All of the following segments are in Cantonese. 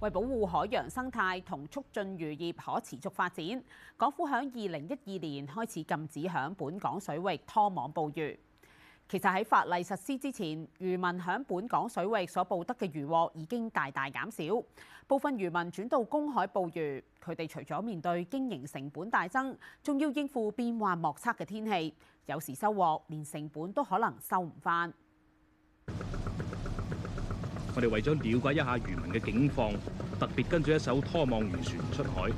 為保護海洋生態同促進漁業可持續發展，港府喺二零一二年開始禁止響本港水域拖網捕魚。其實喺法例實施之前，漁民響本港水域所捕得嘅魚獲已經大大減少，部分漁民轉到公海捕魚。佢哋除咗面對經營成本大增，仲要應付變幻莫測嘅天氣，有時收穫連成本都可能收唔返。我哋為咗了，了解一下漁民嘅境況，特別跟住一艘拖網漁船出海。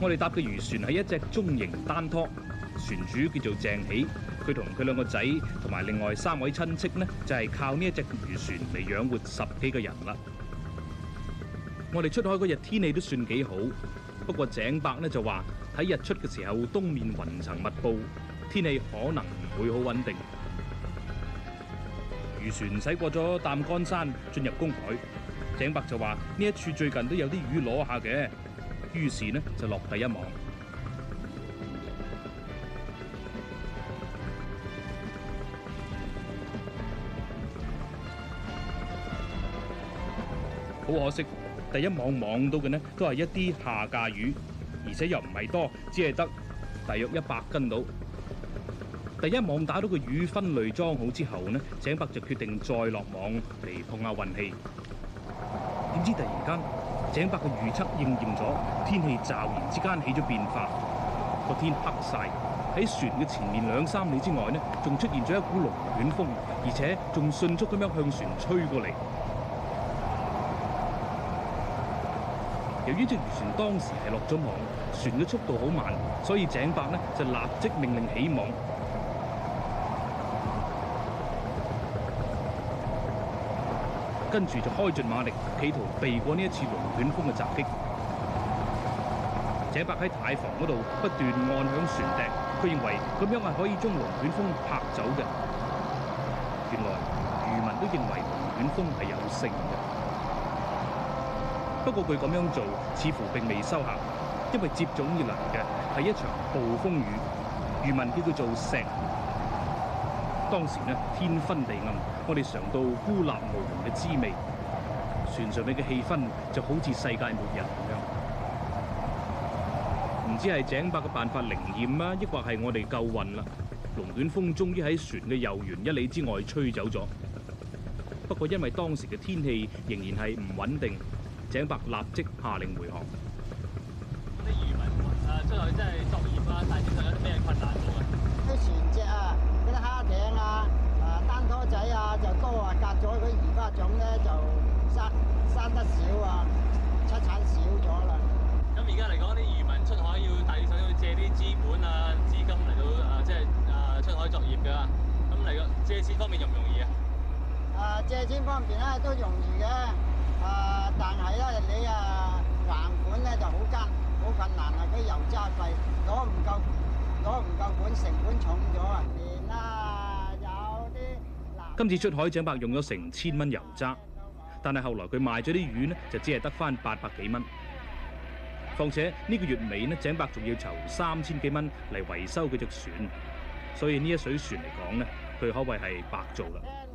我哋搭嘅漁船係一隻中型單拖，船主叫做鄭喜，佢同佢兩個仔同埋另外三位親戚呢，就係靠呢一隻漁船嚟養活十幾個人啦。我哋出海嗰日天氣都算幾好，不過井伯呢就話，喺日出嘅時候東面雲層密布，天氣可能唔會好穩定。漁船駛過咗擔桿山，進入公海。井伯就話：呢一處最近都有啲魚攞下嘅，於是呢就落第一網。好可惜，第一網網到嘅呢，都係一啲下架魚，而且又唔係多，只係得大約一百斤到。第一網打到個魚，分類裝好之後呢，井伯就決定再落網嚟碰下運氣。點知突然間，井伯嘅預測應驗咗，天氣驟然之間起咗變化，個天黑晒，喺船嘅前面兩三里之外呢，仲出現咗一股龍捲風，而且仲迅速咁樣向船吹過嚟。由於隻漁船當時係落咗網，船嘅速度好慢，所以井伯呢就立即命令起網。跟住就開盡馬力，企圖避過呢一次龍捲風嘅襲擊。謝伯喺太房嗰度不斷按響船笛，佢認為咁樣係可以將龍捲風拍走嘅。原來漁民都認為龍捲風係有性嘅。不過佢咁樣做似乎並未收效，因為接踵而嚟嘅係一場暴風雨。漁民叫佢做石。當時呢天昏地暗，我哋嘗到孤立無援嘅滋味，船上面嘅氣氛就好似世界末日咁樣。唔知係井伯嘅辦法靈驗啊，抑或係我哋夠運啦？龍捲風終於喺船嘅右舷一里之外吹走咗。不過因為當時嘅天氣仍然係唔穩定，井伯立即下令回航。嗰種咧就生生得少啊，出產少咗啦。咁而家嚟講啲漁民出海要遞手，要借啲資本啊資金嚟到啊，即係啊出海作業㗎。咁嚟個借錢方面容唔容易啊？啊借錢方面咧都容易嘅，啊但係咧你啊還款咧就好艱好困難啊，嗰啲油渣費攞唔夠，攞唔夠本，成本重咗啊，連啦。今次出海，井伯用咗成千蚊油渣，但係後來佢賣咗啲魚呢，就只係得返八百幾蚊。況且呢、這個月尾呢，井伯仲要籌三千幾蚊嚟維修佢隻船，所以呢一水船嚟講呢，佢可謂係白做啦。